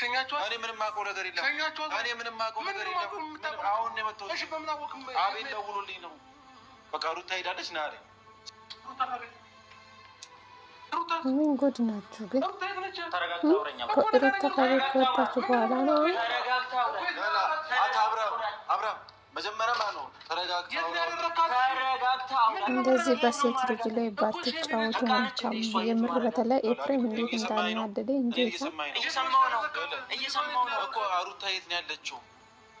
ሸኛችኋል። እኔ ምንም አውቀው ነገር የለም። ሸኛችኋል። ምንም አውቀው ነገር የለም። አሁን ነው የመጣሁት። እሺ፣ በምን አወቅ? አቤል ደውሎልኝ ነው። በቃ ሩታ ሄዳለች። ና አለኝ። ምን ጉድ ናችሁ ግን! ሩታ ከቤት ከወጣችሁ በኋላ ነው እንደዚህ በሴት ልጅ ላይ ባትጫወቱ መልካም። የምር በተለይ ኤፍሬም እንዴት እንዳናደደ እንዴት ነው እየሰማው ነው እኮ አሩታ የት ነው ያለችው?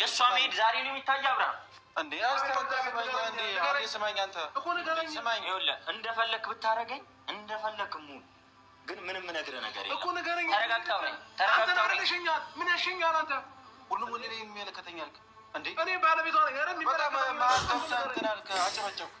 የእሷ መሄድ ዛሬ ነው የሚታይ አብርሃም እንደፈለክ ብታረገኝ እንደፈለክ ሙን ግን ምንም ነግረ ነገር እኮ ንገረኝ። ተረጋግተው ምን ያሸኛል? አንተ ሁሉም ወንድ ላይ የሚመለከተኛል እንዴ እኔ ባለቤቷ ነገር የሚበላ ማንተሳንትናል አጨበጨብኩ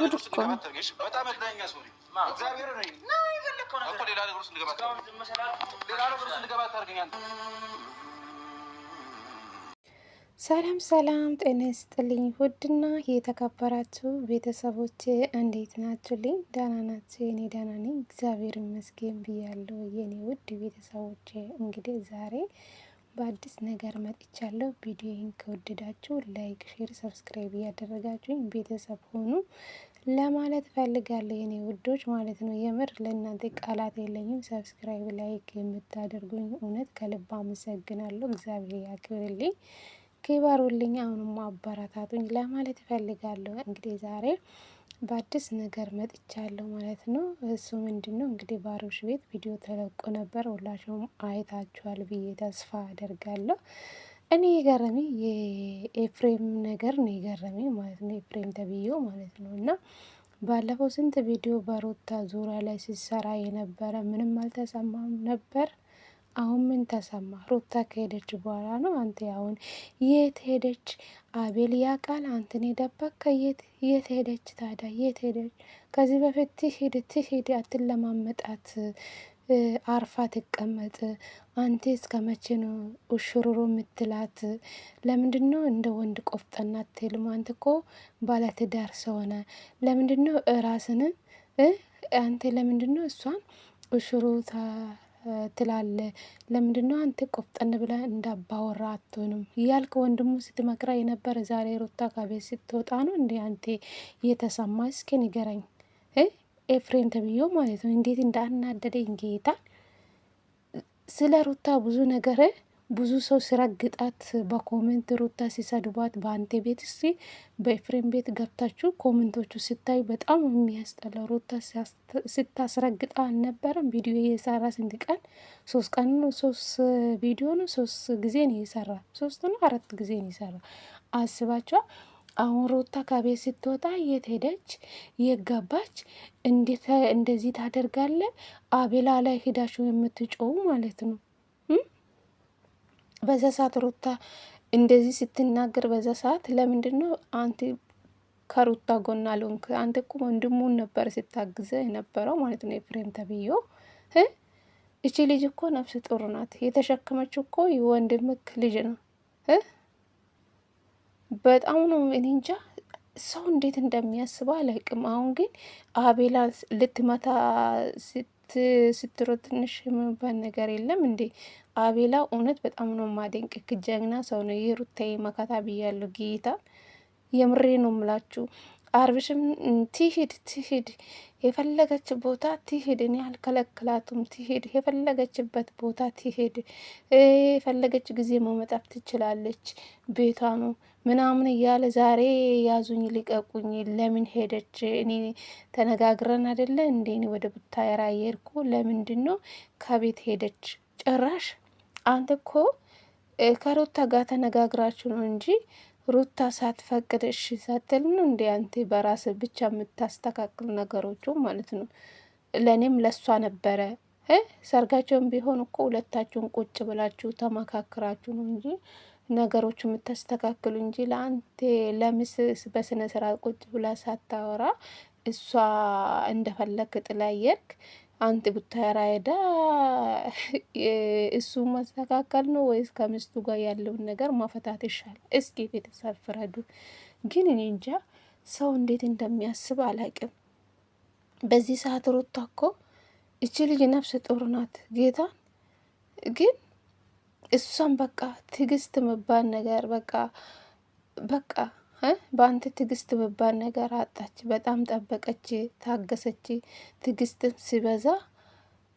ጉድ እኮ ሰላም ሰላም፣ ጤና ይስጥልኝ ውድና የተከበራችሁ ቤተሰቦች እንዴት ናችሁልኝ? ደህና ናችሁ? የኔ ደህና ነኝ እግዚአብሔር ይመስገን ብያለሁ። የኔ ውድ ቤተሰቦች እንግዲህ ዛሬ በአዲስ ነገር መጥቻለሁ። ቪዲዮዬን ከወደዳችሁ ላይክ፣ ሼር፣ ሰብስክራይብ እያደረጋችሁኝ ቤተሰብ ሆኑ ለማለት ፈልጋለሁ የኔ ውዶች ማለት ነው። የምር ለእናንተ ቃላት የለኝም። ሰብስክራይብ፣ ላይክ የምታደርጉኝ እውነት ከልብ አመሰግናለሁ። እግዚአብሔር ያክብርልኝ፣ ክበሩልኝ። አሁንም አበረታቱኝ ለማለት ፈልጋለሁ። እንግዲህ ዛሬ በአዲስ ነገር መጥቻለሁ ማለት ነው። እሱ ምንድነው? እንግዲህ ባሮሽ ቤት ቪዲዮ ተለቆ ነበር ሁላችሁም አይታችኋል ብዬ ተስፋ አደርጋለሁ። እኔ የገረመኝ የኤፍሬም ነገር ነው የገረመኝ ማለት ነው ኤፍሬም ተብዬው ማለት ነው። እና ባለፈው ስንት ቪዲዮ በሮታ ዙሪያ ላይ ሲሰራ የነበረ ምንም አልተሰማም ነበር አሁን ምን ተሰማ? ሩታ ከሄደች በኋላ ነው። አንተ አሁን የት ሄደች? አቤል ያቃል። አንተን የደበቅከ የት ሄደች ታዲያ? የት ሄደች? ከዚህ በፊት ትሂድ ትሂድ አትለማመጣት አርፋ ትቀመጥ። አንቴ እስከ መቼ ነው ኡሽሩሩ የምትላት? ለምንድን ነው እንደ ወንድ ቆፍጠና ትልም? አንተ እኮ ባለትዳር ሰሆነ ለምንድን ነው ራስን አንተ ለምንድን ነው እሷን ኡሽሩ ትላለ ለምንድነው አንተ ቆፍጠን ብለ እንዳባወራ አትሆንም እያልክ ወንድሙ ስትመክራ የነበረ ዛሬ ሩታ ከቤት ስትወጣ ነው እንዲ አንቴ እየተሰማ እስኪ ንገረኝ። ኤፍሬም ተብዮ ማለት ነው እንዴት እንዳናደደኝ ጌታ። ስለ ሩታ ብዙ ነገር ብዙ ሰው ሲረግጣት በኮሜንት ሩታ ሲሰድቧት በአንቴ ቤት ስ በኤፍሬም ቤት ገብታችሁ ኮሜንቶቹ ስታዩ በጣም የሚያስጠላ ሩታ ስታስረግጣ አልነበረም። ቪዲዮ የሰራ ስንት ቀን? ሶስት ቀን ነው። ሶስት ቪዲዮ ነው። ሶስት ጊዜ ነው የሰራ። ሶስት ነው አራት ጊዜ ነው የሰራ። አስባችኋል? አሁን ሩታ ከቤት ስትወጣ የት ሄደች? የት እንደዚህ ታደርጋለ? አቤላ ላይ ሂዳችሁ የምትጮው ማለት ነው በዛ ሰዓት ሩታ እንደዚህ ስትናገር በዛ ሰዓት ለምንድን ነው አንቲ ከሩታ ጎን አልሆንክ? አንተ እኮ ወንድሙን ነበር ስታግዘ የነበረው ማለት ነው። የፍሬም ተብዬው እቺ ልጅ እኮ ነፍስ ጡር ናት። የተሸከመች እኮ የወንድምክ ልጅ ነው። በጣም ነው እኔ እንጃ ሰው እንዴት እንደሚያስባ አላውቅም። አሁን ግን አቤላ ልትመታ ስትሮ ትንሽ የምንባል ነገር የለም እንዴ? አቤላ እውነት በጣም ነው ማደንቅ ጀግና ሰው ነው። ይህ ሩታዬ መካታ ብያለሁ ጌታ የምሬ ነው ምላችሁ አብርሽም ትሂድ ትሂድ የፈለገች ቦታ ትሂድ፣ እኔ አልከለክላቱም። ትሂድ የፈለገችበት ቦታ ትሂድ፣ የፈለገች ጊዜ መመጣት ትችላለች። ቤቷ ነው ምናምን እያለ ዛሬ ያዙኝ ሊቀቁኝ ለምን ሄደች? እኔ ተነጋግረን አይደለ እንዴ? እኔ ወደ ቡታየራ የርኩ ለምንድን ነው ከቤት ሄደች? ጭራሽ አንተ እኮ ከሩታ ጋር ተነጋግራችሁ ነው እንጂ ሩታ ሳትፈቅድ እሺ ሳትል ነው እንዴ አንተ በራስ ብቻ የምታስተካክል ነገሮቹ ማለት ነው። ለእኔም ለእሷ ነበረ ሰርጋቸውን ቢሆን እኮ ሁለታችሁን ቁጭ ብላችሁ ተመካክራችሁ ነው እንጂ ነገሮች የምታስተካክሉ እንጂ ለአንቴ ለምስ በስነ ስርዓት ቁጭ ብላ ሳታወራ እሷ እንደፈለግ ጥላየርክ አንተ አንጥብታ ሄዳ እሱ ማስተካከል ነው ወይስ ከምስቱ ጋር ያለውን ነገር ማፈታት ይሻል? እስኪ ቤተሰብ ፍረዱ። ግን እኔ እንጃ ሰው እንዴት እንደሚያስብ አላቅም። በዚህ ሰዓት ሩታ እኮ እቺ ልጅ ነፍስ ጡር ናት። ጌታ ግን እሷን በቃ ትግስት መባል ነገር በቃ በቃ በአንተ ትዕግስት መባል ነገር አጣች። በጣም ጠበቀች፣ ታገሰች። ትዕግስት ሲበዛ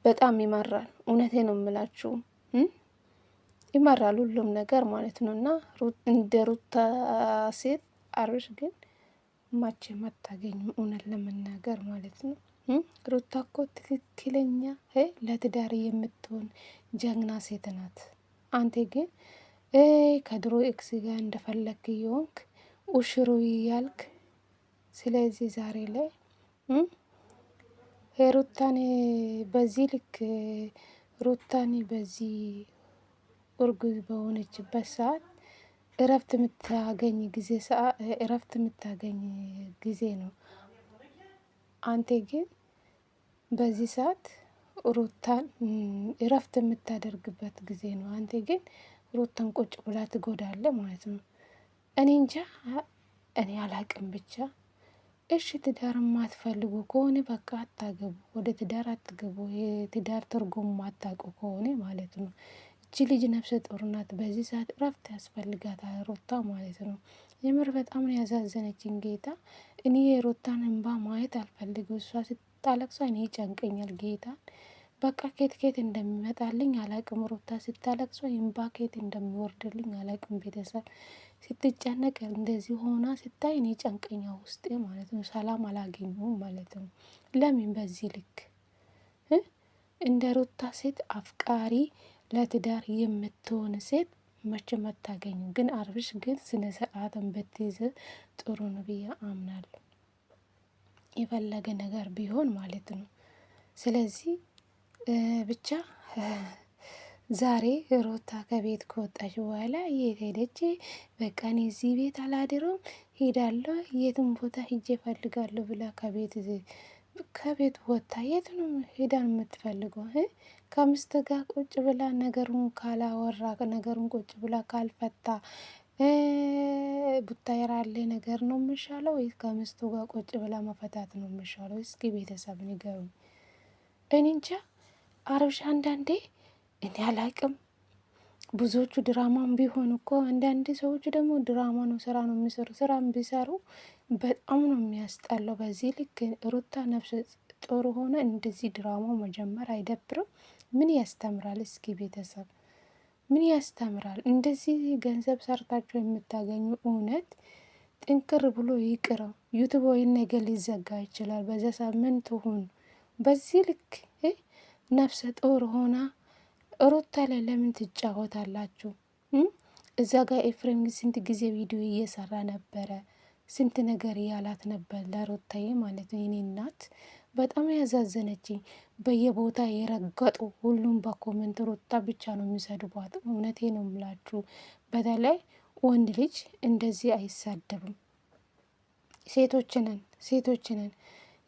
በጣም ይመራል። እውነቴ ነው የምላችሁ ይመራል ሁሉም ነገር ማለት ነው። እና እንደ ሩታ ሴት አብርሽ ግን ማቼም አታገኝም፣ እውነት ለመናገር ማለት ነው። ሩታ እኮ ትክክለኛ ለትዳር የምትሆን ጀግና ሴት ናት። አንቴ ግን ከድሮ ኤክስ ጋር እንደፈለክ እየሆንክ ኡሽሩ እያልክ ስለዚህ ዛሬ ላይ ሩታን በዚህ ልክ ሩታን በዚህ እርጉዝ በሆነችበት ሰዓት እረፍት የምታገኝ ጊዜ እረፍት የምታገኝ ጊዜ ነው። አንቴ ግን በዚህ ሰዓት ሩታን እረፍት የምታደርግበት ጊዜ ነው። አንቴ ግን ሩታን ቁጭ ብላ ትጎዳለ ማለት ነው። እኔ እንጃ እኔ አላቅም ብቻ። እሺ ትዳር የማትፈልጉ ከሆነ በቃ አታገቡ፣ ወደ ትዳር አትገቡ። የትዳር ትርጉም ማታውቁ ከሆነ ማለት ነው። እቺ ልጅ ነፍሰ ጡር ናት። በዚህ ሰዓት እረፍት ያስፈልጋታል ሩታ ማለት ነው። የምር በጣም ነው ያዛዘነችን ጌታ። እኔ የሩታን እንባ ማየት አልፈልግም። እሷ ስታለቅሳ እኔ ይጨንቀኛል ጌታ በቃ ኬት ኬት እንደሚመጣልኝ አላቅም። ሩታ ስታለቅሶ እንባ ኬት እንደሚወርድልኝ አላቅም ቤተሰብ ስትጨነቅ እንደዚህ ሆና ስታይ እኔ ጨንቀኛ ውስጤ ማለት ነው። ሰላም አላገኙም ማለት ነው። ለምን በዚህ ልክ እንደ ሩታ ሴት አፍቃሪ ለትዳር የምትሆን ሴት መቼ መታገኙ? ግን አብርሽ ግን ስነ ስርዓትን ብትይዝ ጥሩ ነው ብዬ አምናለሁ። የፈለገ ነገር ቢሆን ማለት ነው። ስለዚህ ብቻ ዛሬ ሮታ ከቤት ከወጣች በኋላ የት ሄደች? በቃ እኔ እዚህ ቤት አላድርም ሄዳለሁ የትም ቦታ ሂጄ እፈልጋለሁ ብላ ከቤት ከቤት ወጥታ የት ነው ሄዳን የምትፈልገው? ከምስት ጋር ቁጭ ብላ ነገሩን ካላወራ ነገሩን ቁጭ ብላ ካልፈታ ቡታየራ ያለ ነገር ነው የምሻለው ወይስ ከምስቱ ጋር ቁጭ ብላ መፈታት ነው የምሻለው? እስኪ ቤተሰብ ንገሩ። እኔ እንጃ አብርሽ አንዳንዴ እኔ አላቅም። ብዙዎቹ ድራማም ቢሆን እኮ አንዳንድ ሰዎች ደግሞ ድራማ ነው ስራ ነው የሚሰሩ ስራን ቢሰሩ በጣም ነው የሚያስጠላው። በዚህ ልክ ሩታ ነፍሰ ጡር ሆነ እንደዚህ ድራማው መጀመር አይደብርም? ምን ያስተምራል? እስኪ ቤተሰብ ምን ያስተምራል? እንደዚህ ገንዘብ ሰርታቸው የምታገኙ እውነት ጥንክር ብሎ ይቅረው። ዩቱብ ወይ ነገር ሊዘጋ ይችላል። በዛ ሳምንት ሁን በዚህ ልክ ነፍሰ ጡር ሆና ሩታ ላይ ለምን ትጫወታላችሁ? እዛ ጋር ኤፍሬም ስንት ጊዜ ቪዲዮ እየሰራ ነበረ፣ ስንት ነገር እያላት ነበር ለሩታዬ ማለት ነው። የኔ እናት በጣም ያዛዘነችኝ። በየቦታ የረገጡ ሁሉም በኮመንት ሩታ ብቻ ነው የሚሰድቧት። እውነቴ ነው ምላችሁ። በተለይ ወንድ ልጅ እንደዚህ አይሳደብም። ሴቶችንን ሴቶችንን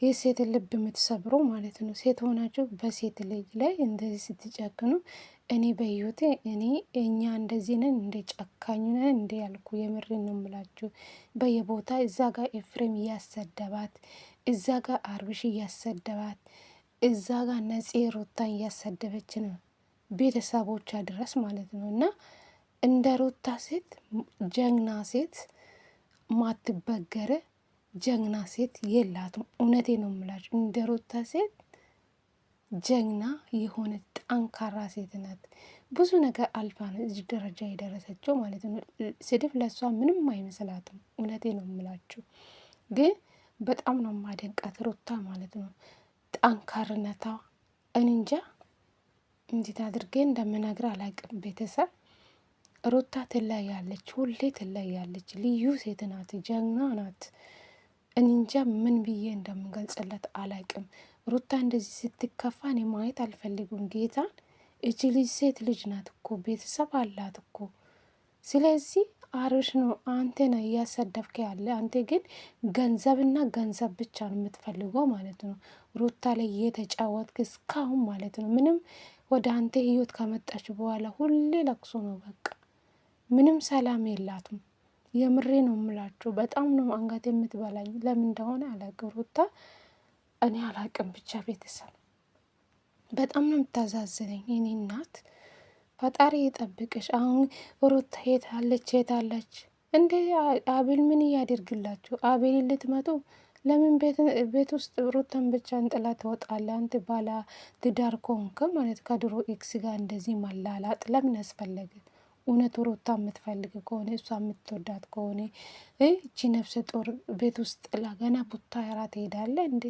የሴት ልብ የምትሰብሮ ማለት ነው። ሴት ሆናችሁ በሴት ልጅ ላይ እንደዚህ ስትጨክኑ እኔ በህይወቴ እኔ እኛ እንደዚህ ነን እንደ ጨካኝ ነን እንደ ያልኩ የምሬን ነው የምላችሁ። በየቦታ እዛ ጋር ኤፍሬም እያሰደባት፣ እዛ ጋር አርብሽ እያሰደባት፣ እዛ ጋር ነፂ ሩታን እያሰደበች ነው ቤተሰቦቿ ድረስ ማለት ነው። እና እንደ ሩታ ሴት ጀግና ሴት ማትበገረ ጀግና ሴት የላትም። እውነቴ ነው የምላችሁ፣ እንደ ሩታ ሴት ጀግና የሆነ ጠንካራ ሴት ናት። ብዙ ነገር አልፋ ነው እዚህ ደረጃ የደረሰችው ማለት ነው። ስድብ ለእሷ ምንም አይመስላትም። እውነቴ ነው የምላችሁ፣ ግን በጣም ነው ማደንቃት ሩታ ማለት ነው። ጠንካርነቷ እንንጃ እንዴት አድርጌ እንደምነግር አላቅም። ቤተሰብ ሩታ ትለያለች፣ ሁሌ ትለያለች። ልዩ ሴት ናት፣ ጀግና ናት። እንጃ ምን ብዬ እንደምገልጽለት አላቅም። ሩታ እንደዚህ ስትከፋ እኔ ማየት አልፈልጉም። ጌታን እች ልጅ ሴት ልጅ ናት እኮ ቤተሰብ አላት እኮ። ስለዚህ አብርሽ ነው አንተ ነው እያሰደብክ ያለ። አንተ ግን ገንዘብና ገንዘብ ብቻ ነው የምትፈልገው ማለት ነው። ሩታ ላይ የተጫወትክ እስካሁን ማለት ነው። ምንም ወደ አንተ ህይወት ከመጣች በኋላ ሁሌ ለቅሶ ነው በቃ። ምንም ሰላም የላትም። የምሬ ነው የምላችሁ። በጣም ነው አንጋት የምትበላኝ። ለምን እንደሆነ አላውቅም። ሩታ እኔ አላቅም። ብቻ ቤተሰብ በጣም ነው የምታዛዝነኝ። እኔ እናት ፈጣሪ ይጠብቅሽ። አሁን ሩታ የት አለች? የት አለች? እንዴ አቤል ምን እያደርግላችሁ? አቤል ልትመጡ ለምን ቤት ውስጥ ሩታን ብቻ እንጥላ ትወጣለ? አንተ ባላ ትዳር ኮንክ ማለት ከድሮ ኤክስ ጋር እንደዚህ መላላጥ ለምን ያስፈለገ? እውነት ሩታ የምትፈልግ ከሆነ እሷ የምትወዳት ከሆነ እቺ ነፍሰ ጡር ቤት ውስጥ ላገና ገና ቡታ ራ ትሄዳለ እንዴ?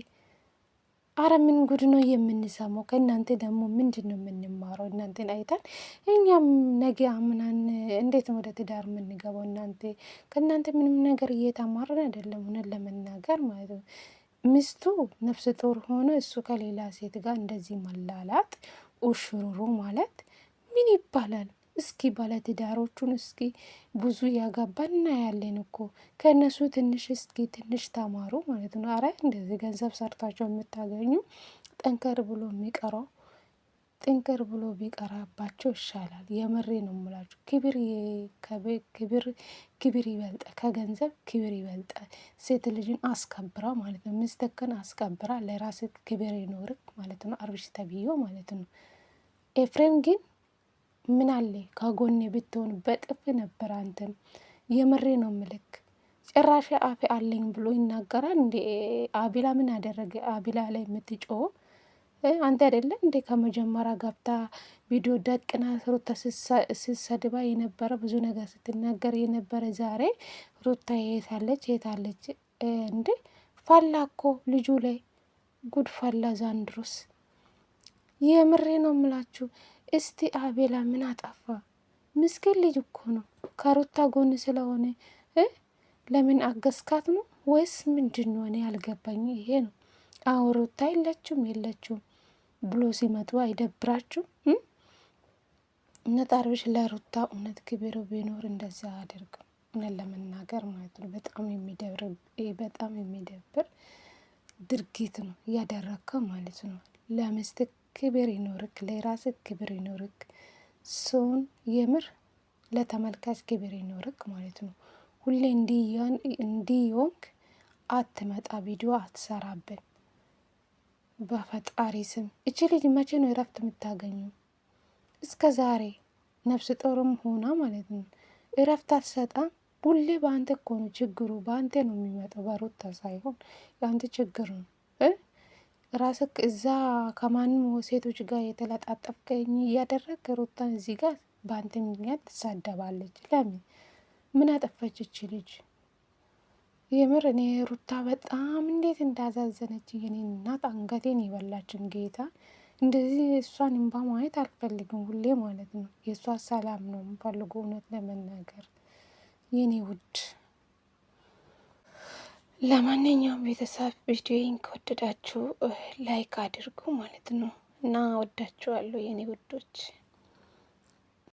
አረ ምን ጉድ ነው የምንሰማው? ከእናንተ ደግሞ ምንድን ነው የምንማረው? እናንተን አይታን እኛም ነገ አምናን እንዴት ወደ ትዳር የምንገባው? እናንተ ከእናንተ ምንም ነገር እየተማርን አይደለም፣ እውነት ለመናገር ማለት ነው። ሚስቱ ነፍሰ ጡር ሆኖ እሱ ከሌላ ሴት ጋር እንደዚህ መላላት ኡሽሩሩ ማለት ምን ይባላል? እስኪ ባለትዳሮቹን እስኪ ብዙ ያጋባ እናያለን እኮ ከእነሱ ትንሽ እስኪ ትንሽ ተማሩ ማለት ነው። አረ እንደዚህ ገንዘብ ሰርታቸው የምታገኙ ጠንከር ብሎ የሚቀረው ጥንቅር ብሎ ቢቀራባቸው ይሻላል። የምሬ ነው የምላችሁ። ክብር ክብር ይበልጠ ከገንዘብ ክብር ይበልጠ። ሴት ልጅን አስከብራ ማለት ነው። ምስተከን አስከብራ ለራስ ክብር ይኖርክ ማለት ነው። አብርሽ ተብዬው ማለት ነው። ኤፍሬም ግን ምን አለ ከጎኔ ብትሆን በጥፍ ነበር አንተን። የምሬ ነው ምልክ ጭራሽ አፍ አለኝ ብሎ ይናገራል። እንዴ? አቢላ ምን አደረገ? አቢላ ላይ የምትጮ አንተ አይደለ እንዴ? ከመጀመሪያ ገብታ ቪዲዮ ደቅና ሩታ ስሰድባ የነበረ ብዙ ነገር ስትናገር የነበረ ዛሬ ሩታ የታለች የታለች? እንዴ ፋላ ልጁ ላይ ጉድ ፋላ። ዛንድሮስ የምሬ ነው ምላችሁ እስቲ አቤላ ምን አጠፋ? ምስኪን ልጅ እኮ ነው። ከሩታ ጎን ስለሆነ ለምን አገስካት ነው ወይስ ምንድን ሆነ? ያልገባኝ ይሄ ነው። አዎ ሩታ የለችም የለችም ብሎ ሲመጡ አይደብራችሁ? እውነት አብርሽ ለሩታ እውነት ክብር ቢኖር እንደዚያ አድርግ እውነት ለመናገር ማለት ነው በጣም የሚደብር በጣም የሚደብር ድርጊት ነው እያደረግከው ማለት ነው ለምስትክ ክብር ይኖርክ፣ ለራስህ ክብር ይኖርክ። ሰውን የምር ለተመልካች ክብር ይኖርክ ማለት ነው። ሁሌ እንዲሆንክ አትመጣ፣ ቪዲዮ አትሰራብን። በፈጣሪ ስም እቺ ልጅ መቼ ነው እረፍት የምታገኙ? እስከ ዛሬ ነፍስ ጦርም ሆና ማለት ነው እረፍት አትሰጣም። ሁሌ በአንተ እኮ ነው ችግሩ፣ በአንተ ነው የሚመጣው፣ በሩታ ሳይሆን የአንተ ችግር ነው። ራስክ እዛ ከማንም ሴቶች ጋር የተለጣጠፍከኝ እያደረግ ሩታን እዚህ ጋር በአንተ ምክንያት ትሳደባለች። ለምን ምን አጠፋች ልጅ? የምር እኔ ሩታ በጣም እንዴት እንዳዛዘነች የኔ እናት አንገቴን የበላችን ጌታ። እንደዚህ እሷን እንባ ማየት አልፈልግም ሁሌ ማለት ነው። የእሷ ሰላም ነው የምፈልገው እውነት ለመናገር የኔ ውድ ለማንኛውም ቤተሰብ ቪዲዮን ከወደዳችሁ ላይክ አድርጉ ማለት ነው እና ወዳችኋለሁ የኔ ውዶች።